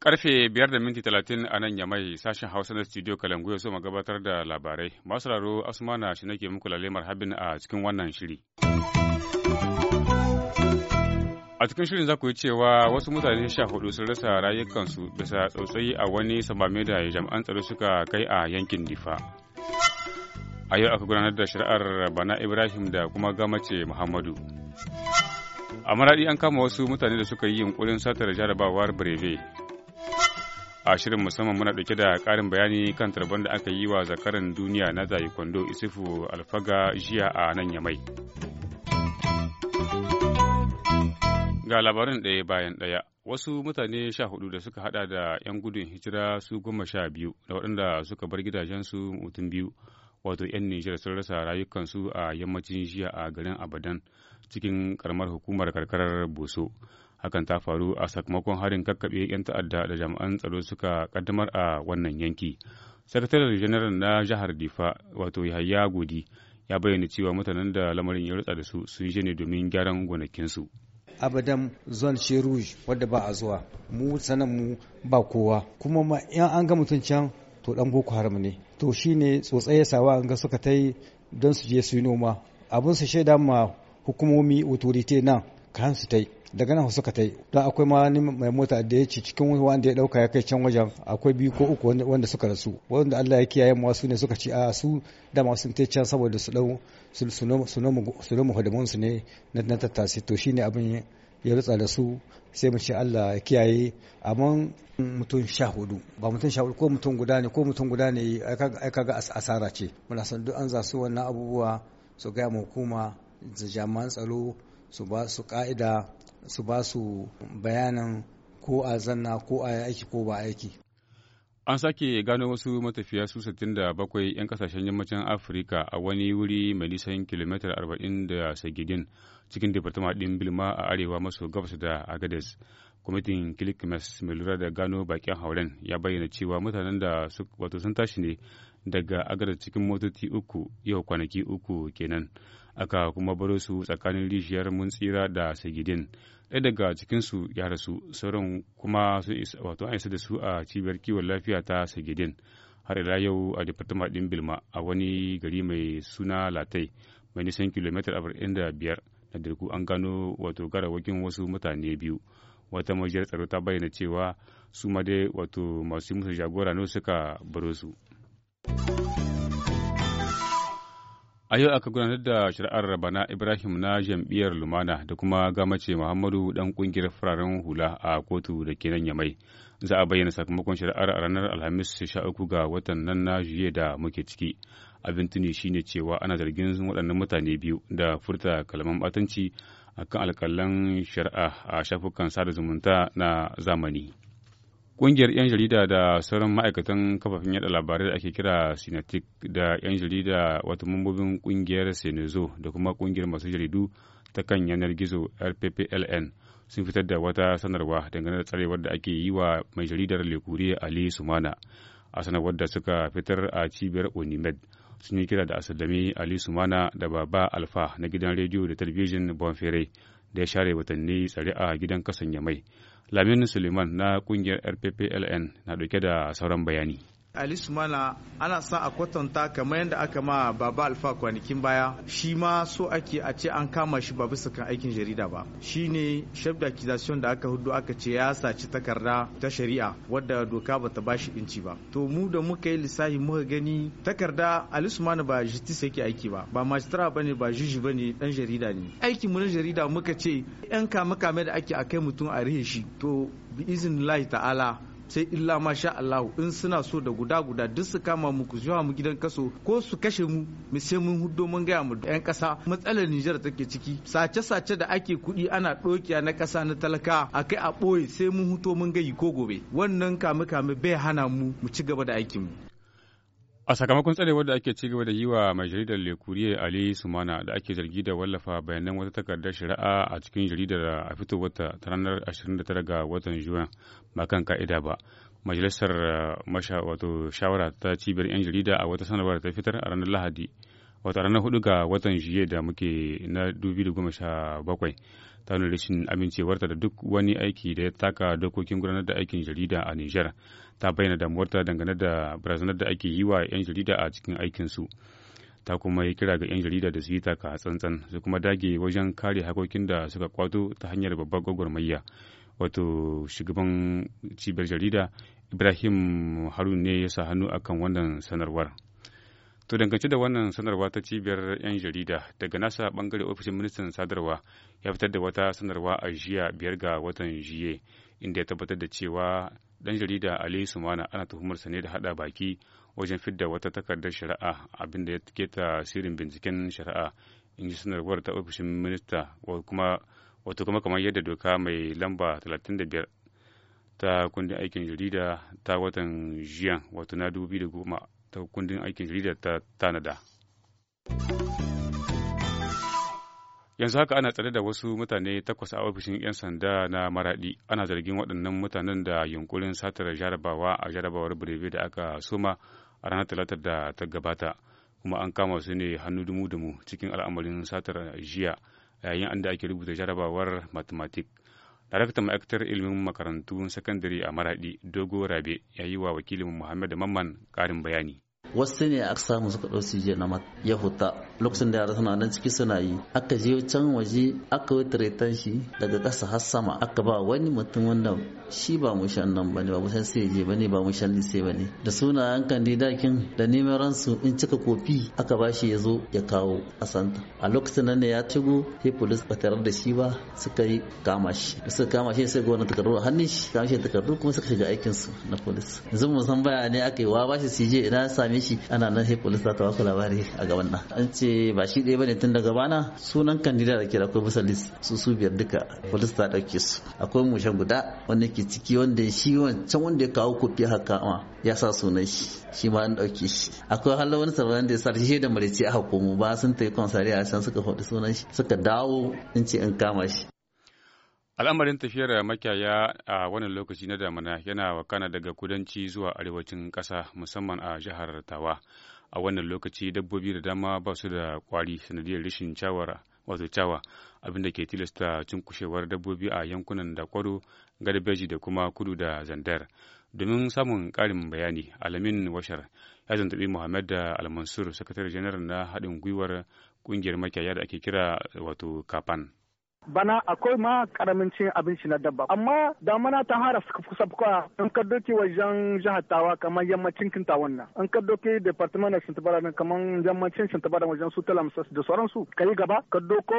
Karfe biyar da minti talatin a nan yamai sashen Hausa na studio Kalangu ya so gabatar da labarai. Masu raro Asmana shi nake muku lalemar habin a cikin wannan shiri. A cikin shirin za ku yi cewa wasu mutane sha hudu sun rasa rayukansu bisa tsautsayi a wani samame da jami'an tsaro suka kai a yankin Difa. A yau aka gudanar da shari'ar Bana Ibrahim da kuma Gamace Muhammadu. A maraɗi an kama wasu mutane da suka yi yunkurin satar jarabawar Breve. A shirin musamman muna ɗauke da ƙarin bayani kan tarban da aka yi wa zakaran duniya na kwando isifu, Alfaga jiya a nan Yamai. Ga labarin ɗaya bayan ɗaya, wasu mutane sha hudu da suka hada da 'yan gudun hijira su goma sha biyu da waɗanda suka bar gidajensu mutum biyu, wato 'yan Nijar sun rasa rayukansu a yammacin jiya a garin Abadan cikin karamar hukumar karkarar Boso. Hakan ta faru a sakamakon harin kakkaɓe 'yan ta'adda da jami'an tsaro suka kaddamar a wannan yanki. Sakataren Janaral na Jihar Difa, wato Yahaya Godi, ya bayyana cewa mutanen da lamarin ya rutsa da su sun je ne domin gyaran gonakinsu. abadan zon rouge wadda ba a zuwa mu sanan mu ba kowa kuma ma yan an ga mutum can to dan boko haram ne to shine tsotsai ya sawa an ga suka tai don su je su yi noma abin su shaida ma hukumomi authority nan kan ta yi daga nan suka ta yi don akwai ma wani mai mota da ya ci cikin wanda ya dauka ya kai can wajen akwai biyu ko uku wanda suka rasu wanda Allah ya kiyaye mu su ne suka ci a su dama sun ta can saboda su dau su nomu hudumun su ne na tattase to shine abin ya rutsa da su sai mu ce Allah ya kiyaye amma mutum sha hudu ba mutum sha hudu ko mutum guda ne ko mutum guda ne ai kaga asara ce muna san duk an zasu wannan abubuwa su gaya mu hukuma jami'an tsaro su ba su ka'ida su ba su bayanin ko a zanna ko a aiki ko ba aiki an sake gano wasu matafiya su 67 'yan kasashen yammacin afirka a wani wuri mai nisan kilomitar 40 da sagidin cikin departama din bilma a arewa maso gabas da agades kwamitin kilikmes mai lura da gano bakin hauren ya bayyana cewa mutanen da wato sun tashi ne daga agades cikin motoci uku yau kwanaki uku kenan aka kuma baro su tsakanin rijiyar mun tsira da sagidin ɗaya daga cikinsu ya rasu sauran kuma sun wato an isa da su a cibiyar kiwon lafiya ta sagidin har ila yau a departama ɗin bilma a wani gari mai suna latai mai nisan kilomita arba'in da biyar na dirku an gano wato garawakin wasu mutane biyu wata majiyar tsaro ta bayyana cewa su ma dai wato masu musu jagora ne suka baro su. A yau aka gudanar da shari'ar Bana Ibrahim na jam'iyyar Lumana da kuma gamace Muhammadu dan kungiyar fararen hula a kotu da ke nan Yamai. Za a bayyana sakamakon shari'ar a ranar Alhamis sha uku ga watan nan na juye da muke ciki. Abin tuni shine cewa ana zargin waɗannan mutane biyu da furta kalaman batanci akan alƙalan shari'a a shafukan sada zumunta na zamani. Ƙungiyar 'yan jarida da sauran ma'aikatan kafafin yada labarai da ake kira Sinatik da 'yan jarida wata mambobin ƙungiyar Senezo da kuma ƙungiyar masu jaridu ta kan yanar gizo RPPLN sun fitar da wata sanarwa dangane da tsarewar da ake yi wa mai jaridar Lekure Ali Sumana. A sanarwar da suka fitar a cibiyar Onimed sun yi kira da Asalami Ali Sumana da Baba Alfa na gidan rediyo da talabijin Bonfere da ya share watanni tsare a gidan kasan Yamai. Lamini Suleiman na kungiyar RPPLN na dauke da sauran bayani. Ali Sumana ana sa a kwatanta kamar yadda aka ma Baba Alfa kwanakin baya shi ma so ake a ce an kama shi ba bisa kan aikin jarida ba shi ne kization da aka hudu aka ce ya saci takarda ta shari'a wadda doka ba ta bashi inci ba to mu da muka yi lissafi muka gani takarda Ali Sumana ba justice yake aiki ba ba majistara bane ba juji bane dan jarida ne aikin mu na jarida muka ce yan kama kame da ake akai mutum a rihe shi to bi ta'ala sai illa ma sha Allahu in suna so da guda guda duk su kama mu ku zuwa mu gidan kaso ko su kashe mu mu sai mun huddo mun gaya mu yan kasa matsalar Nijar take ciki sace sace da ake kuɗi ana ɗokiya na kasa na talaka akai a ɓoye sai mun huto mun gayi ko gobe wannan kame kame bai hana mu mu ci gaba da aikin mu A sakamakon tsarewar da ake cigaba da yi wa mai jaridar Lekuriye Ali Sumana da ake zargi da wallafa bayanan wata takardar shari'a a cikin jaridar a fito fitowarta ta ranar 29 ga watan Juwan ba kan ka'ida ba. Majalisar eh, wato shawara ta cibiyar 'yan jarida a wata sanarwar ta fitar a ranar Lahadi wata ranar hudu ga watan jiye da muke na 2017 ta nuna rashin amincewarta da duk wani aiki da ya taka dokokin gudanar da aikin jarida a Nijar ta bayyana damuwarta dangane da barazanar da ake yi wa 'yan jarida a cikin aikinsu ta kuma yi kira ga 'yan jarida da su yi taka tsantsan su kuma dage wajen kare hakokin da suka kwato ta hanyar babbar gwagwarmayya wato shugaban cibiyar jarida ibrahim harun ne ya sa hannu akan wannan sanarwar. To dangance da wannan sanarwa ta cibiyar 'yan jarida daga nasa bangare ofishin ministan sadarwa ya fitar da wata sanarwa a jiya biyar ga watan jiye inda ya tabbatar da cewa dan jarida Ali Sumana ana tuhumarsa ne da hada baki wajen fidda wata takardar shari'a abinda ya keta sirrin binciken shari'a in ji sanarwar ta ofishin minista kuma wato kuma kamar yadda doka mai lamba 35 ta kundin aikin jarida ta watan jiyan wato na 2010 ta kundin aikin jarida ta tanada. yanzu haka ana tsare da wasu mutane takwas a ofishin 'yan sanda na maraɗi ana zargin waɗannan mutanen da yunkurin satar jarabawa a jarabawar birebe da aka soma a ranar talatar da ta gabata kuma an kama su ne hannu dumu-dumu cikin al'amarin satar jiya yayin da ake rubuta jarabawar mathematics daraktan ma'aikatar ilimin makarantun sakandare a maraɗi dogo rabe ya yi wa wakilin muhammed mamman ƙarin bayani wasu ne aka samu suka ɗau je na ya huta lokacin da yara suna nan ciki suna yi aka je can waje aka yi tiretan shi daga ƙasa har sama aka ba wani mutum wanda shi ba mu shan nan ba ne ba shan sai je ba ne ba mushan lise ba ne da sunayen kandidakin da neman ransu in cika kofi aka ba shi ya zo ya kawo a santa a lokacin nan ne ya tugu sai polis ba tare da shi ba suka yi kama shi da suka kama shi sai ga takardu a hannun shi kama shi takardu kuma suka shiga aikinsu na polis yanzu san baya ne aka yi wa ba shi sije ina ya same shi ana nan sai police za ta wasu labari a gaban nan an ce ba shi ɗaya bane tun daga bana sunan kandida da ke da akwai bisa list su su biyar duka police ta ɗauke su akwai mushen guda wanda ke ciki wanda shi wancan wanda ya kawo kofi haka ma ya sa sunan shi shi ma an ɗauke shi akwai halin wani sabon da ya sa shi da marice a hukumu ba sun ta yi konsariya san suka faɗi sunan shi suka dawo in ce in kama shi Al'amarin tafiyar makiyaya a wannan lokaci na damina yana wakana daga kudanci zuwa arewacin ƙasa musamman a jihar Tawa. A wannan lokaci dabbobi da dama ba su da kwari sanadiyar rashin cawara wato cawa abinda ke tilasta cunkushewar dabbobi a yankunan da kwaro garbeji da kuma kudu da zandar. Domin samun ƙarin bayani, Alamin Washar ya zantabi Muhammad da Almansur, sakatare janar na haɗin gwiwar ƙungiyar makiyaya da ake kira wato Kafan. bana akwai ma karamin cin abinci na dabba amma damana ta hara kusa kuwa in ka doke wajen jihar tawa kamar yammacin kinta wannan in ka doke department of shintabara nan kamar yammacin shintabara wajen su talamsas da sauransu ka yi gaba ka doko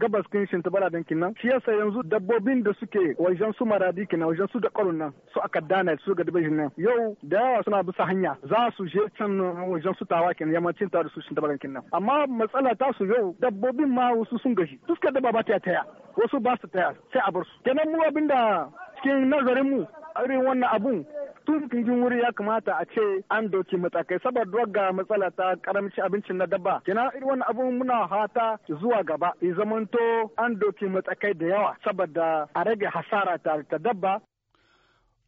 gabas kin shintabara din kinan shi yasa yanzu dabbobin da suke wajen su maradi kinan wajen su da kwarun nan su aka dana su ga dabbobin nan yau da yawa suna bisa hanya za su je can wajen su tawa kinan yammacin tawa da su shintabara kinan amma matsala ta su yau dabbobin ma wasu sun gaji fuskar dabba ba ta taya wasu ba su taya sai a bar su kenan mu abinda cikin nazarin mu irin wannan abun tun kingin wuri ya kamata a ce an doki matakai saboda ga matsala ta karamci abincin na dabba kina irin wannan abun muna hata zuwa gaba ya zamanto an doki matakai da yawa saboda a rage hasara ta dabba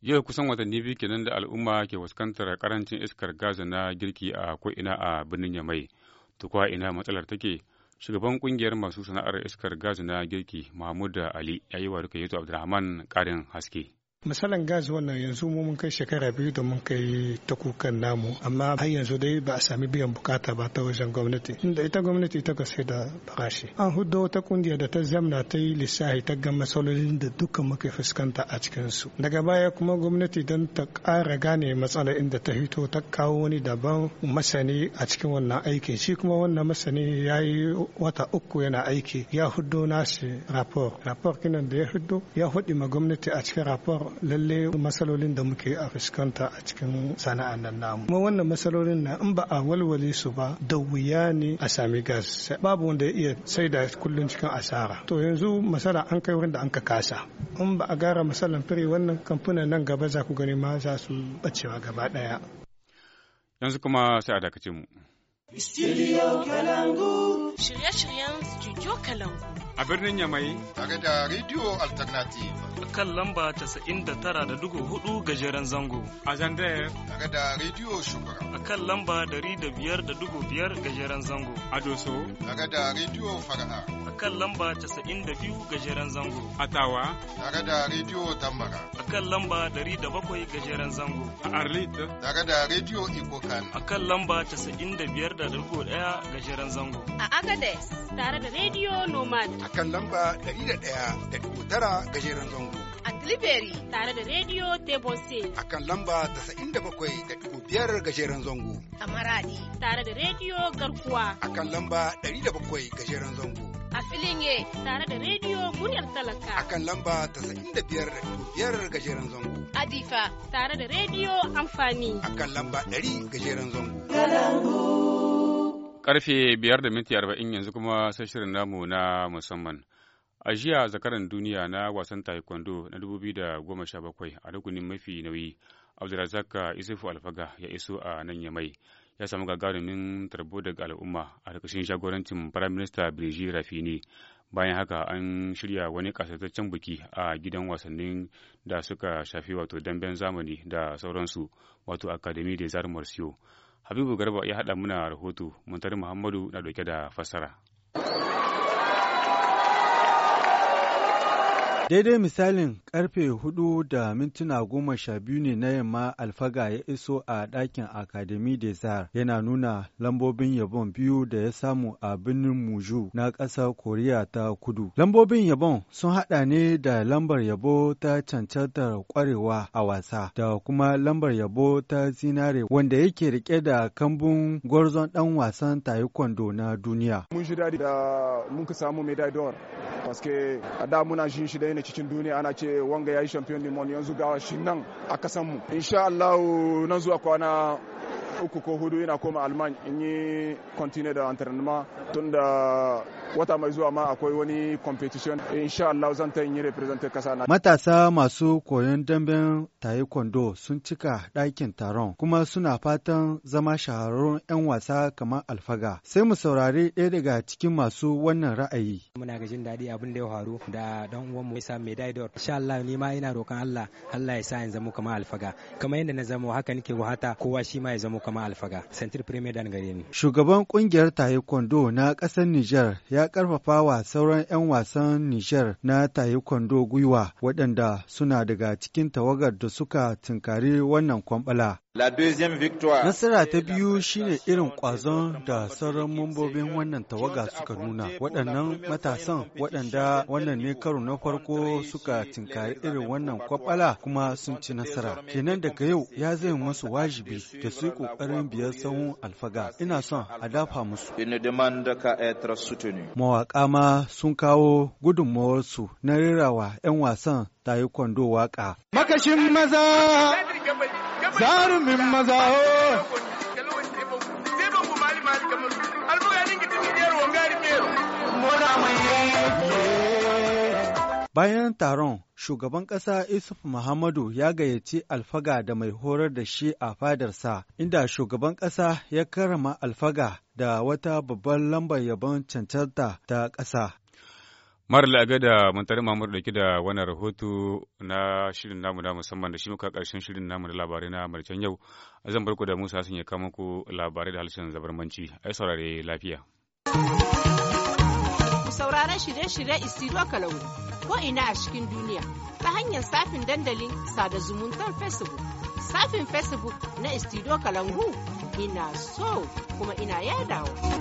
yau kusan watanni biyu kenan da al'umma ke fuskantar karancin iskar gaza na girki a ko'ina a birnin yamai to ina matsalar take shugaban kungiyar masu sana'ar iskar gas na girki mahmud ali ya yi wa rukayyatu abdulrahman karin haske misalin gas wannan yanzu mu mun kai shekara biyu da mun kai ta kukan namu amma har yanzu dai ba a sami biyan bukata ba ta wajen gwamnati inda ita gwamnati ta kasai da farashi an hudu wata kungiya da ta zamna ta yi lissahi ta ga matsalolin da duka muke fuskanta a cikin su daga baya kuma gwamnati don ta kara gane matsala inda ta hito ta kawo wani daban masani a cikin wannan aiki shi kuma wannan masani ya yi wata uku yana aiki ya hudu nashi rapor rapor kinan da ya hudu ya hudu ma gwamnati a cikin rapor lalle matsalolin da muke a fuskanta a cikin sana'a nan namu kuma wannan masalolin na in ba a walwale su ba da wuya ne a sami gas babu wanda ya iya saida kullun cikin asara to yanzu masala an kai wurin da an ka kasa in ba a gara masalan fire wannan kamfanin nan gaba za ku gani ma za su bacewa gaba daya yanzu kuma sai a dakace mu Studio Kalangu. Shirye-shiryen Studio Kalangu. a birnin Yamai. Tare da Radio Alternative. Kan lamba 99.4 gajeren zango. A Zandayar. Tare da Radio shugaba A kan lamba 105.5 gajeren zango. A Doso. Tare da Radio Fara'a. A kan lamba 92 gajeren zango. A Tawa. Tare da Radio Tambara. A kan lamba 107 gajeren zango. A Arlit. Tare da Radio Ikokan. A kan lamba 95.1 gajeren zango. A Agades. Tare da Radio Nomad. a kan lamba 101.9 gajeren zango. A kiliberi. tare da Radio Tebose. A kan lamba 97.5 gajeren zango. A Maradi tare da Radio Garkuwa. A kan lamba 107 gajeren zango. A Filinge tare da Radio Muryar Talaka. A kan lamba 95.5 gajeren zango. A Difa tare da Radio Amfani. A kan lamba 100 gajeren zango. Galangu. Karfe biyar da minti arba'in yanzu kuma sai shirin namu na musamman. A jiya zakaran duniya na wasan taekwondo na dubu biyu da goma sha bakwai a rukunin mafi nauyi, Abdulrazak Isufu Alfaga ya iso a nan ya mai ya samu gagarumin tarbo daga al'umma a ƙarƙashin shagorancin firaminista birji rafini bayan haka an shirya wani kasataccen biki a gidan wasannin da suka shafi wato damben zamani da sauransu wato akademi de zarmar siyo Habibu Garba ya haɗa muna rahoto, Muntari Muhammadu na ɗauke da fassara. Daidai misalin karfe hudu da mintuna goma sha biyu ne na yamma alfaga ya iso a dakin Akademi zar yana nuna lambobin yabon biyu da ya samu a birnin Muju na ƙasar Koriya ta kudu. Lambobin yabon sun haɗa ne da lambar yabo ta cancantar kwarewa a wasa da kuma lambar yabo ta zinare wanda yake rike da kambun gwarzon ɗan wasan taekwondo na duniya. Mun shi da mun ka samu medal paske a da muna shi shi ne cikin duniya ana ce wanga ya yi champion limon yanzu ga shi nan a kasan mu insha Allah nan zuwa kwana uku ko hudu ina koma alman in yi continue da entraînement tun da wata mai zuwa ma akwai wani competition insha Allah zan ta yi representer kasa na matasa masu koyon damben taekwondo sun cika ɗakin taron kuma suna fatan zama shahararrun 'yan wasa kamar alfaga sai mu saurari ɗaya daga cikin masu wannan ra'ayi muna ga jin daɗi abin da ya faru da dan uwanmu Isa Medaidor insha Allah ni ma ina roƙon Allah Allah ya sa in zama kamar alfaga kamar yadda na zama haka nake wahata kowa shi ma ya zama kuma alfaga sentir premier dan gare ni shugaban kungiyar taekwondo na kasar Niger ya karfafa wa sauran 'yan wasan Niger na taekwondo gwiwa waɗanda suna daga cikin tawagar da suka tunkari wannan kwambala Nasara ta biyu shine irin ƙwazon da sauran mambobin wannan tawaga suka nuna. Waɗannan matasan waɗanda wannan ne karo na farko suka tinkari irin wannan kwabala kuma sun ci nasara. Kenan daga yau ya zai masu wajibi da su ƙoƙarin biyar sahun alfaga. Ina son a dafa musu. Mawaƙa ma sun kawo gudunmawarsu na rerawa 'yan wasan taekwondo waƙa. Makashin maza! jarumin maza oh. Bayan taron, shugaban ƙasa Isuf Muhammadu ya gayyaci alfaga da mai horar da shi a fadarsa, inda shugaban ƙasa ya karama alfaga da wata babbar lambar yabon cancanta ta ƙasa. Mara la'aga da Muntari da ke da wannan rahoto na shirin namu na musamman da shi muka karshen shirin namu da labarai na marcan yau. Zan barku da Musa sun ya kama ku labarai da halshen zabarmanci. Ai saurare lafiya. Ku sauraron shirye-shirye Isiro Kalau ko ina a cikin duniya ta hanyar safin dandalin sada zumuntar Facebook. Safin Facebook na Isiro Kalangu ina so kuma ina yadawa.